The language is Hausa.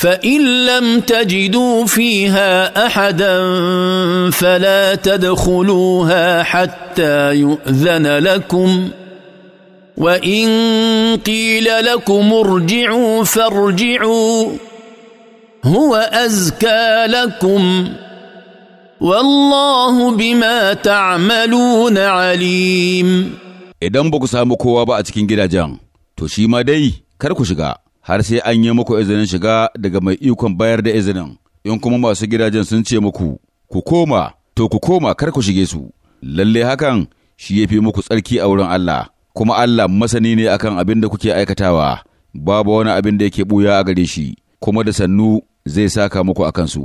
فان لم تجدوا فيها احدا فلا تدخلوها حتى يؤذن لكم وان قيل لكم ارجعوا فارجعوا هو ازكى لكم والله بما تعملون عليم idan ba ku samu kowa ba a cikin gidajen to shi ma dai kar ku shiga har sai an yi muku izinin shiga daga mai ikon bayar da izinin, in kuma masu gidajen sun ce muku, ku koma, to ku koma kar ku shige su, lalle hakan shi ya fi muku tsarki a wurin Allah, kuma Allah masani ne akan abin da kuke aikatawa, babu wani abin da yake buya a gare shi, kuma da sannu zai saka muku a su